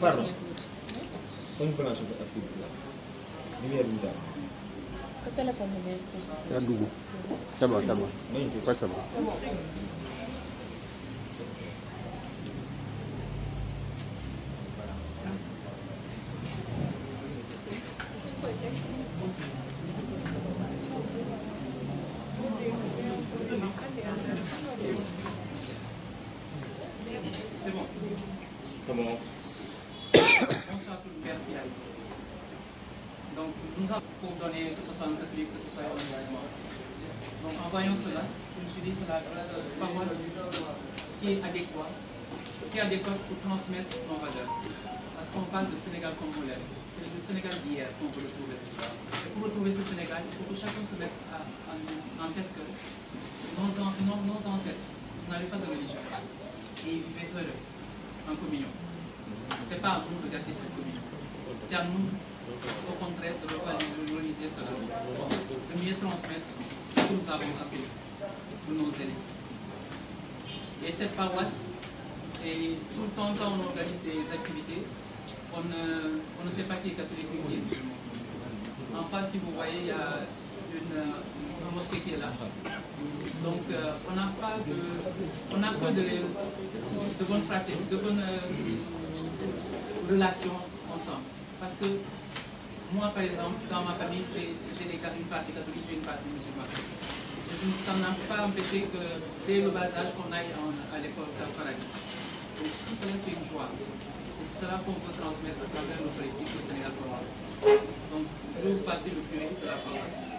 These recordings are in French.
Parlo. Sono in conoscenza Comment Bonsoir Donc, nous avons pour donner, que ce soit en catholique, que ce soit en musulman. Donc, en voyant cela, je me suis dit c'est la paroisse qui est adéquate, qui est adéquate pour transmettre nos valeurs. Parce qu'on parle de Sénégal congolais, c'est le Sénégal d'hier qu'on peut retrouver. Et pour retrouver ce Sénégal, il faut que chacun se mette à, en tête que nos, ancêtres, nos ancêtres n'avaient pas de religion et ils vivaient heureux en communion. Ce n'est pas à nous de gâter cette communion. C'est à nous, au contraire, de ne pas valoriser cela, de mieux transmettre ce que nous avons appris pour nos élus. Et cette paroisse, tout le temps quand on organise des activités, on ne, sait pas qui est catholique ou qui Enfin, si vous voyez, il y a une la mosquée qui est là. Donc euh, on n'a pas de, on n'a que de, bonnes de bonnes euh, relations ensemble. Parce que moi par exemple, dans ma famille, j'ai une partie catholique et une partie musulmane. Ça n'a pas empêché que dès le bas âge qu'on aille à l'école catholique. Donc tout cela c'est une joie. Et c'est cela qu'on peut transmettre à travers nos politiques au Sénégal Donc, vous passez le plus de la paroisse.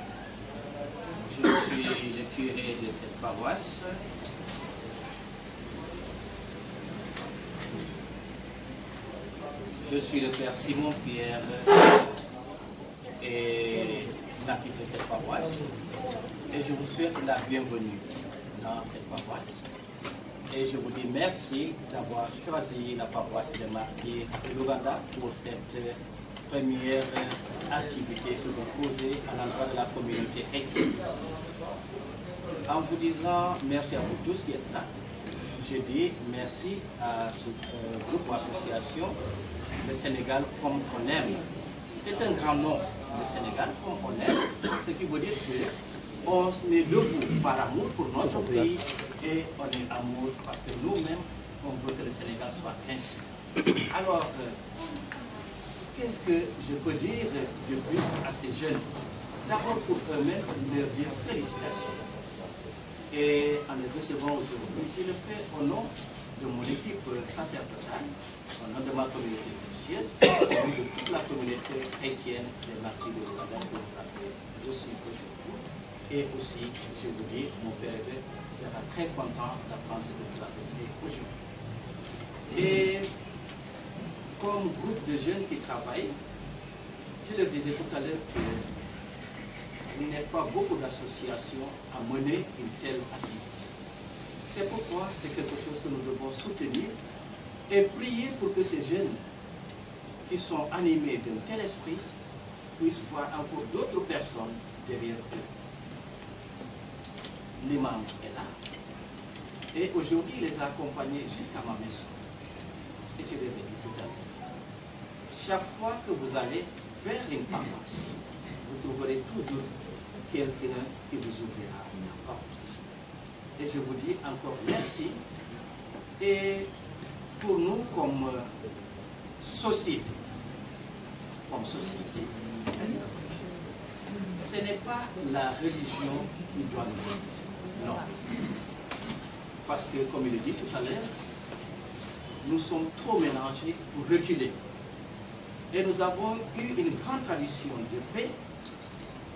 Je suis le curé de cette paroisse. Je suis le père Simon Pierre et natif de cette paroisse. Et je vous souhaite la bienvenue dans cette paroisse. Et je vous dis merci d'avoir choisi la paroisse de martyrs de pour cette première euh, activité que vous posez à l'endroit de la communauté En vous disant merci à vous tous qui êtes là, je dis merci à ce euh, groupe association, le Sénégal comme on aime. C'est un grand nom, le Sénégal comme on aime, ce qui veut dire que on est debout par amour pour notre pays et on est amour parce que nous-mêmes, on veut que le Sénégal soit ainsi. Alors, euh, Qu'est-ce que je peux dire de plus à ces jeunes D'abord pour permettre de leur dire félicitations. Et en les recevant aujourd'hui, je le fais au nom de mon équipe sacerdotale, au nom de ma communauté religieuse, au nom de toute la communauté chrétienne des martyrs de Rwanda que vous avez reçu aujourd'hui. Et aussi, je vous dis, mon père sera très content d'apprendre ce que vous avez fait aujourd'hui. Et comme groupe de jeunes qui travaillent, je le disais tout à l'heure qu'il n'y a pas beaucoup d'associations à mener une telle activité. C'est pourquoi c'est quelque chose que nous devons soutenir et prier pour que ces jeunes qui sont animés d'un tel esprit puissent voir encore d'autres personnes derrière eux. L'imam est là. Et aujourd'hui, il les a accompagnés jusqu'à ma maison. Et tu tout à l'heure. Chaque fois que vous allez vers une paroisse, vous trouverez toujours quelqu'un qui vous ouvrira une porte. Et je vous dis encore merci. Et pour nous, comme euh, société, comme société, ce n'est pas la religion qui doit nous réaliser. Non. Parce que, comme il le dit tout à l'heure, nous sommes trop mélangés pour reculer. Et nous avons eu une grande tradition de paix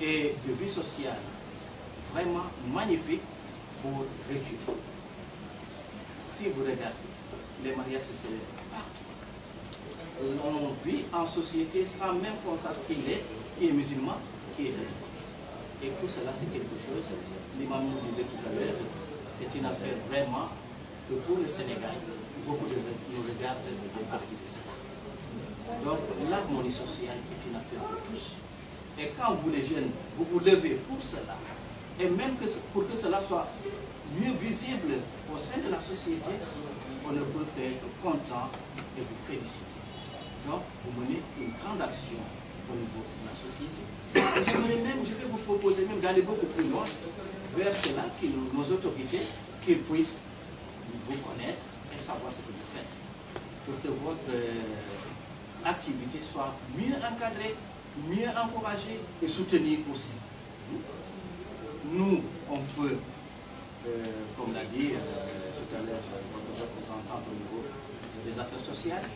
et de vie sociale vraiment magnifique pour reculer. Si vous regardez, les mariages se célèbrent partout. On vit en société sans même qu'on sache est, qui est musulman, qui est Et tout cela, c'est quelque chose, l'imam nous disait tout à l'heure, c'est une affaire vraiment que pour le Sénégal, beaucoup de, nous regardent nous de cela. Donc l'harmonie sociale est une affaire de tous. Et quand vous les jeunes, vous vous levez pour cela, et même pour que cela soit mieux visible au sein de la société, on ne peut être content et vous féliciter. Donc vous menez une grande action au niveau de la société. même, je vais vous proposer même d'aller beaucoup plus loin vers cela, que nos autorités qui puissent vous connaître, et savoir ce que vous faites pour que votre euh, activité soit mieux encadrée, mieux encouragée et soutenue aussi. Nous, on peut, euh, comme l'a dit euh, tout à l'heure votre représentante au niveau des affaires sociales,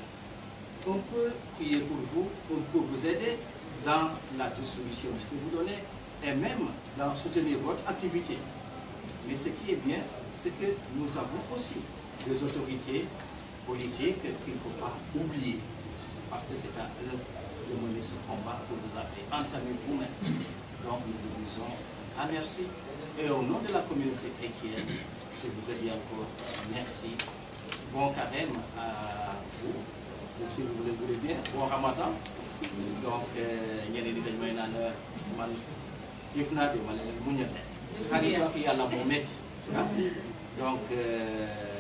on peut prier pour vous, on peut vous aider dans la distribution ce que vous donnez et même dans soutenir votre activité. Mais ce qui est bien, c'est que nous avons aussi des autorités politiques qu'il ne faut pas oublier. Parce que c'est à eux de mener ce combat que vous avez entamé vous-même. Donc nous vous disons à merci. Et au nom de la communauté chrétienne, je voudrais dire encore merci. Bon carême à vous. Ou si vous voulez, voulez bien, bon ramadan. Donc, euh, ñeneen ñi dañ may naan euh, man yëf de ma ne leen muñal xarit ah. donc euh,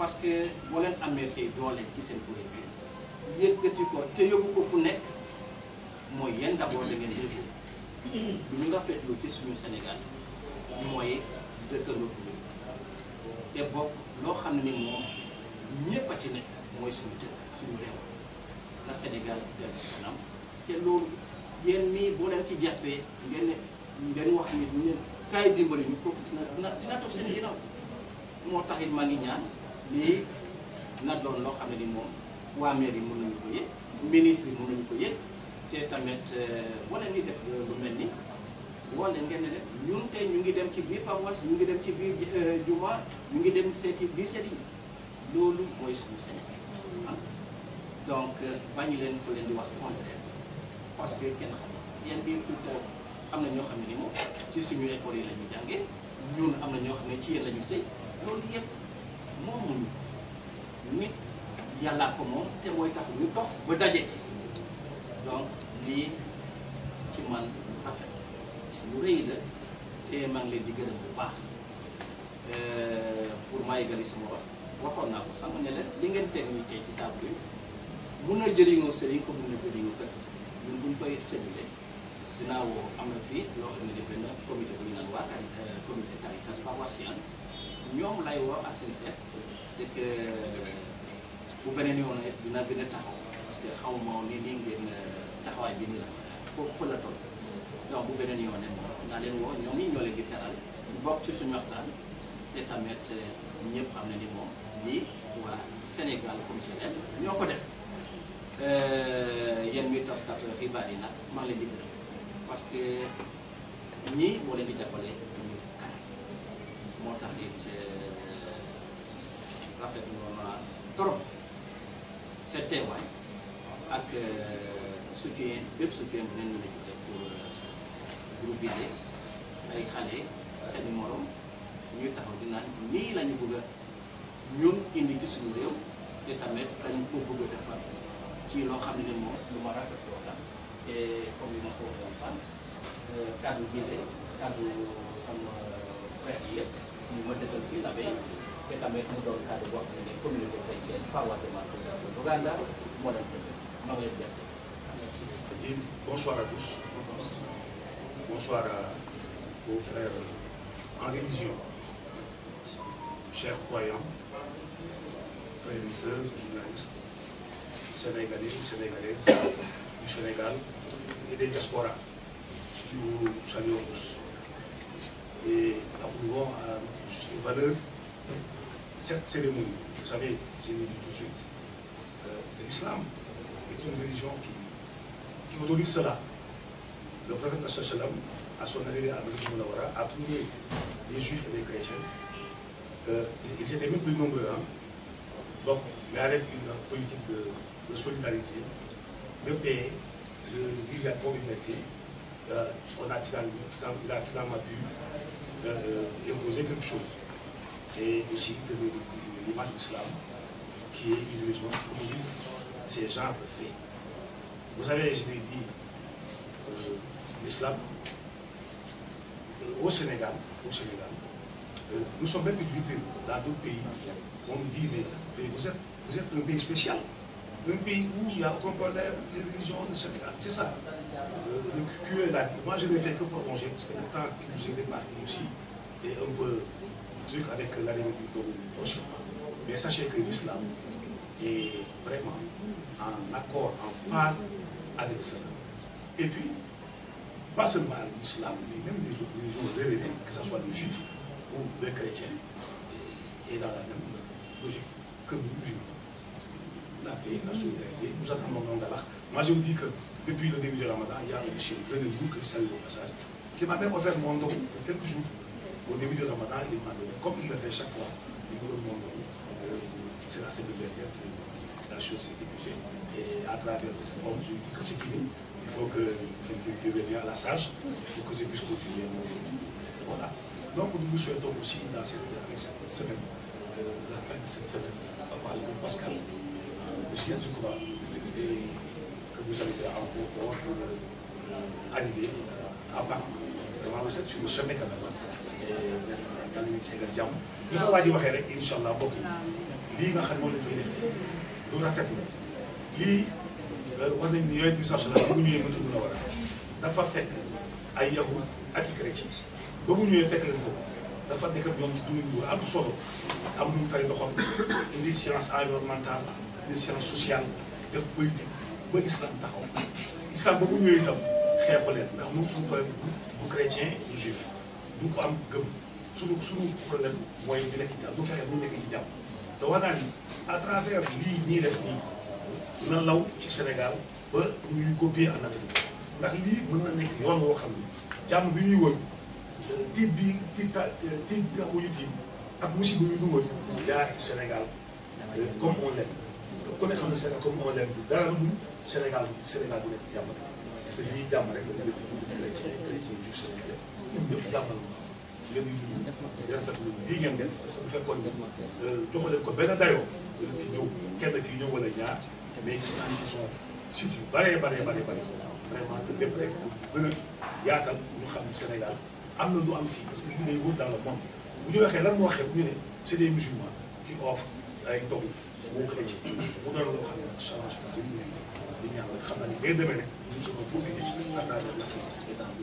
parce que boo leen amee tey doole ci seen kuréel bi yëkkati ko te yóbbu ko fu nekk mooy yéen d'abord da ngeen yëngu lu ñu rafetlu ci suñu senegal mooy dëkkandoo te bokk loo xam ne moom ñëpp a ci nekk mooy suñu dëkk suñu réew la Sénégal dem kanam te loolu yéen mii boo leen ci jàppee ngeen ne ngeen wax ni ñu ne kaay dimbali ñu kooku dina dina toog seen ginnaaw moo tax it maa ngi ñaan. lii na doon loo xam ne ni moom waa maire yi mën nañu ko yëg ministre yi mën nañu ko yëg te tamit wala euh, ni def euh, lu mel ni wala ngeen ne def ñun tey ñu ngi dem ci biir paroisse ñu ngi dem ci biir euh, juma ñu ngi dem seeti biir sëriñ loolu mooy suñu Sénégal ah. donc bañu leen ko leen di wax contraire parce que kenn xam yeen biir tout am na ñoo xam ne ni moom ci suñu école yi la ñu ñun am na ñoo xam ne ci yéen la ñu sëy loolu yëpp moomuñu nit yàllaa ko moom te mooy tax ñu dox ba daje donc lii ci man lu rafet lu rëy la te maa ngi leen di gërëm bu baax euh, pour may gari sama wax waxoon naa ko sama ne li ngeen teg ñu tey ci saabu yi mun na jëriñoo sëriñ ko mun na jëriñoo kat ñun buñ koy sëriñee dinaa woo am na fii loo xam ne def na comité bu ñu naan waa euh, comité Caritas ñoom lay woo ak seen seet c'est que euh, bu beneen yoon it dina gën a taxaw parce que xaw ma woon ni lii ngeen euh, taxawaay bi ni la foofu la toll donc bu beneen yoon it naa leen woo ñoom it ñoo leen di teral bokk ci suñu waxtaan te tamit euh, ñëpp xam na ni moom lii waa Sénégal comme Sénégal ñoo ko def yéen mi taskatu xibaar yi nag maa ngi parce que ñii moo leen di jàppale moo tax rafetlu woon naa trop seen teewaay ak euh, soutien bépp soutien bu ngeen mën a pour euh, groupe bi ay xale seen morom ñuy taxaw di naan nii la ñun indi ci suñu te tamit dañu ko bëgg defar ci loo xam ne moom lu ma rafetlu woon la te comme ni ma ko waxoon fan euh, kaddu bi de kaddu sama frère yi ma dëkkal fii la bay. tamit mu doon kàddu boo à la communauté chrétienne Pawa-Tema Tounda de Uganda moo leen tudd ma ngi Merci. bonsoir à tous. Bonsoir à, vos frères en religion, chers croyants, frères et sœurs, journalistes, sénégalais, sénégalaises du Sénégal et des diasporas. Nous saluons tous et approuvons à juste valeur cette cérémonie, vous savez, j'ai dit tout de suite, euh, l'islam est une religion qui, qui autorise cela. Le prophète à son arrivée à Moulawara, a trouvé des juifs et des chrétiens. Euh, ils étaient même plus nombreux, hein. Donc, mais avec une politique de, solidarité, de paix, de vivre la communauté, euh, on a il a finalement pu imposer quelque chose et aussi de l'image de l'islam, qui est une religion communiste, c'est ces genres de faits. Vous savez, je l'ai dit, euh, l'islam, euh, au Sénégal, au Sénégal, euh, nous sommes même utilisés dans d'autres pays. On nous dit, mais, vous, êtes, un pays spécial. Un pays où il n'y a aucun problème, les religions de Sénégal, c'est ça. le QE l'a dit. Moi, je ne fais que prolonger, parce que le temps que j'ai départé aussi est un peu truc avec l'arrivée du dôme prochainement. Mais sachez que l'islam est vraiment en accord, en phase avec cela. Et puis, pas seulement l'islam, mais même les autres religions révélées, que ce soit les juifs ou les chrétiens. est dans la même logique que nous, musulmans. La paix, la solidarité, nous attendons donc d'Allah. Moi, je vous dis que depuis le début du ramadan, il y a un chien, de vous que je salue au passage, qui m'a même offert mon don pour quelques jours au début la ramadan, il m'a donné, comme il le fait chaque fois, il me euh, c'est la semaine dernière que la chose s'est épuisée. Et à travers ce homme, je dis que c'est fini. Il faut que tu deviennes à la sage pour que je puisse continuer mon Voilà. Donc nous souhaitons aussi, dans cette, avec cette semaine, euh, la fin de cette semaine, à parler de Pascal, euh, aussi à Zoukoura, et que vous avez en port pour euh, arriver à Paris. Vraiment, vous êtes sur le chemin de la def yàlla nañu ci eggal jàmm li ma waa ji waxee rek incha allah mbokk yi lii nga xam ne moom lañ koy def tey lu rafet la lii war nañ ni yooyu bi sax la bu ñu ñëwee mënta mun a war a dafa fekk ay yahud ak i chrétien ba mu ñëwee fekk leen foofu dafa nekk ñoom dund am solo am lu mu fay doxal indi science environnementale indi science sociale def politique ba islam taxaw islam ba mu ñëwee itam xeexu leen ndax moom suñu problème bu chrétien juif du ko am gëm suñu suñu problème mooy ñu nekk jàmm te wax naa ni lii ñuy def nii na law ci Sénégal ba ñuy copier bi bi tiit ta bi nga ak musiba yu ñu wër jaar ci Sénégal euh, comme on l'aime te ku ne xam Sénégal comme on l'aime du dara lu dul Sénégal Sénégal bu jàmm rek te lii jàmm rek la diggante bu chrétien chrétien juif sénégalais ñëpp jàppal ngeen di nuyu di rafetlu lii ngeen def parce que bu fekkoon euh, joxu leen ko benn dayoo dina ci ñëw kenn ci ñëw wala ñaar mais gis naa ne façon site yu bëree bëree bëri vraiment te lépp rek pour gën a yaatal ñu xam ne Sénégal am na lu am fii parce que li ngay wër dans le monde bu ñu waxee lan moo xew ñu ne c'est des musulmans qui offrent ay ndogu moo chrétien mu doon loo xam ne nag change bu ñu di ñaan rek xam naa ne day demee rek ñu soog a bëgg a yëg àndaale la fi état bi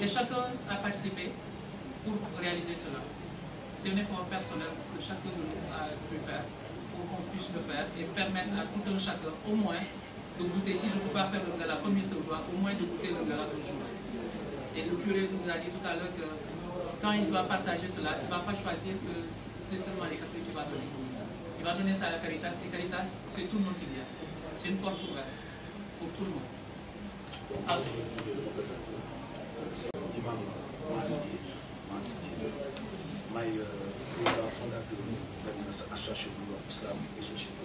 Et chacun a participé pour réaliser cela. C'est un effort personnel que chacun de nous a pu faire pour qu'on puisse le faire et permettre à tout un chacun au moins de goûter, si je ne peux pas faire le gala comme il se doit, au moins de goûter le gala un jour. Et le curé nous a dit tout à l'heure que quand il va partager cela, il ne va pas choisir que c'est seulement les catholiques qui va donner. Il va donner ça à la Caritas et Caritas, c'est tout le monde qui vient. C'est une porte ouverte pour tout le monde. Ah. imam Massi Diène Massi Diène may président fondateur benn association bu ñuy wax islam et société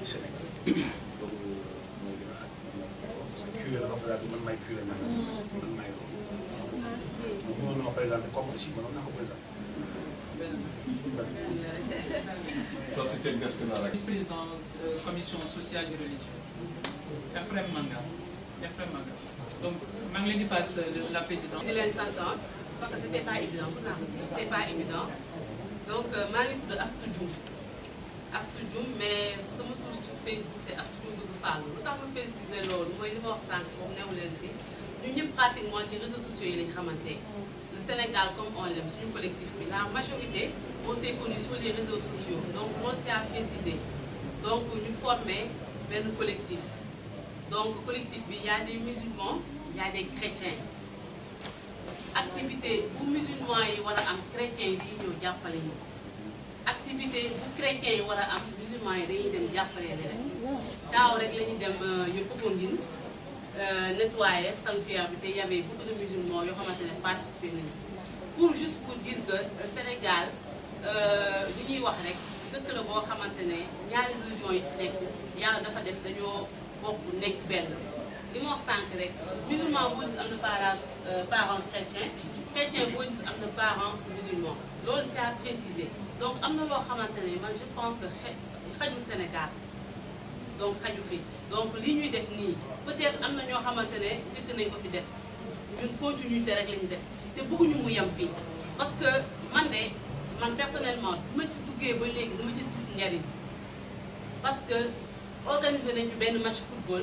du Sénégal loolu mooy li nga xam ne parce que curé la dafa daal di man may curé nag man may loolu moom mënoon na ma présenté comme aussi mënoon naa ko présenté vice-président commission sociale et religieuse Ephraim Manga Ephraim Manga donc ngi leen de passe euh, la présidente. Il leen parce que c'était pas évident c'était pas évident donc euh, maa ngi tudd de Dioum Astou mais je tur sur Facebook c'est à Dioum Doudou Fall lu tax ma préciser nous, mooy li ma wax sànq moom pratiquement des réseaux sociaux les les le Sénégal comme on l'aime un collectif mais la majorité on s'est connu sur les réseaux sociaux donc on s'est à préciser donc nous former le collectif donc collectif il y a des musulmans y a des chrétiens activité bu musulmans yi voilà un am dit yi ñëw activité bu chrétiens yi war am musulman yi dañuy dem jàppale leen Dans rek la de dem ñu euh, Popenguine euh, nettoyer sanctuaire il y avait beaucoup de musulmans yoo ont ne participé pour juste pour dire que euh, Sénégal li ñuy wax rek dëkk la il y a des religion yi il y a dafa def dañoo bokk nekk benn li ma wax sànq rek musulman boo gis am na parent euh, parent chrétien chrétien boo gis am c'est à préciser donc am na loo xamante ne man je pense que xajul Sénégal donc xaju fi donc li ñuy def nii peut-être am na ñoo xamante ne dëkk nañ ko fi def ñun continuité rek lañu def te bëgguñu mu yem fii parce que man de man personnellement bi ma ci duggee ba léegi dama ci gis njariñ parce que organiser nañ fi benn match football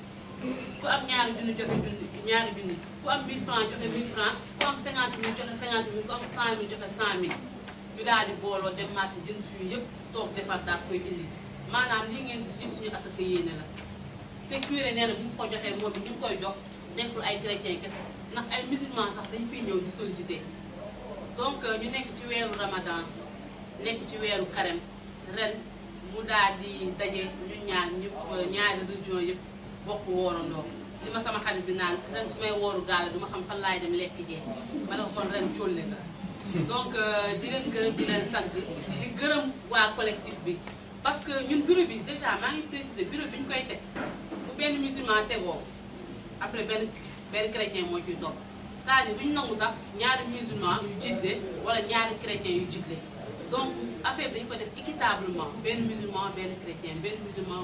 ku am ñaari junni joxe junni ñaari junni ku am 1000 francs joxe 1000 francs ku am 50 mille joxe 50 mille ku am 100 mille joxe 100 mille ñu daal di booloo dem marché jënd suñu yëpp toog defar daal koy indi maanaam lii ngeen si suñu asaka yéene la te curé nee na bu mu ko joxee moom bi ñu koy jox nekkul ay chrétien kese ndax ay musulman sax dañ fiy ñëw di sollicité donc ñu nekk ci weeru ramadan nekk ci weeru carême ren mu daal di daje ñu ñaan ñëpp ñaari région yëpp bokk woorandoo li ma sama xarit bi naan ren su may wooru gaale du ma xam fan lay dem lekk jee ma ne ko kon ren cólle la donc euh, di len gërëm di len sant di gërëm wa collectif bi parce que ñun bureau bi déjà maa ngi préciser bureau bi koy teg bu ben musulman tegoo après ben ben chrétien mo ci top cest à duñ nangu sax ñaari musulman yu jiddé wala ñaari chrétien yu jigle donc affaire dañ ko def équitablement ben musulman ben chrétien ben musulman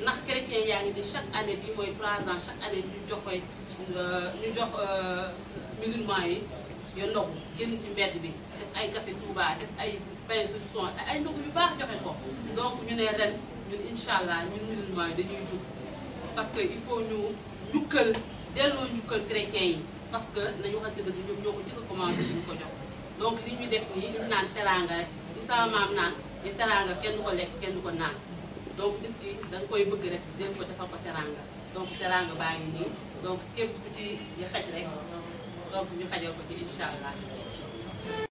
ndax chrétien chaque année bi trois ans chaque année ñu joxe euh, ñu jox euh, yi ci bi ay café Touba ay ay yu baax joxe donc nous, ne ren ñun sommes musulmans parce que il faut ñu nous nous njukkal parce que nous, avons dëgg donc nous, ñu def nii ñu naan donc nit ki da nga koy bëgg rek jël ko defal ko teranga donc teranga baa ngi nii donc képp ku ci ñu xaj rek donc ñu xajal ko ci incha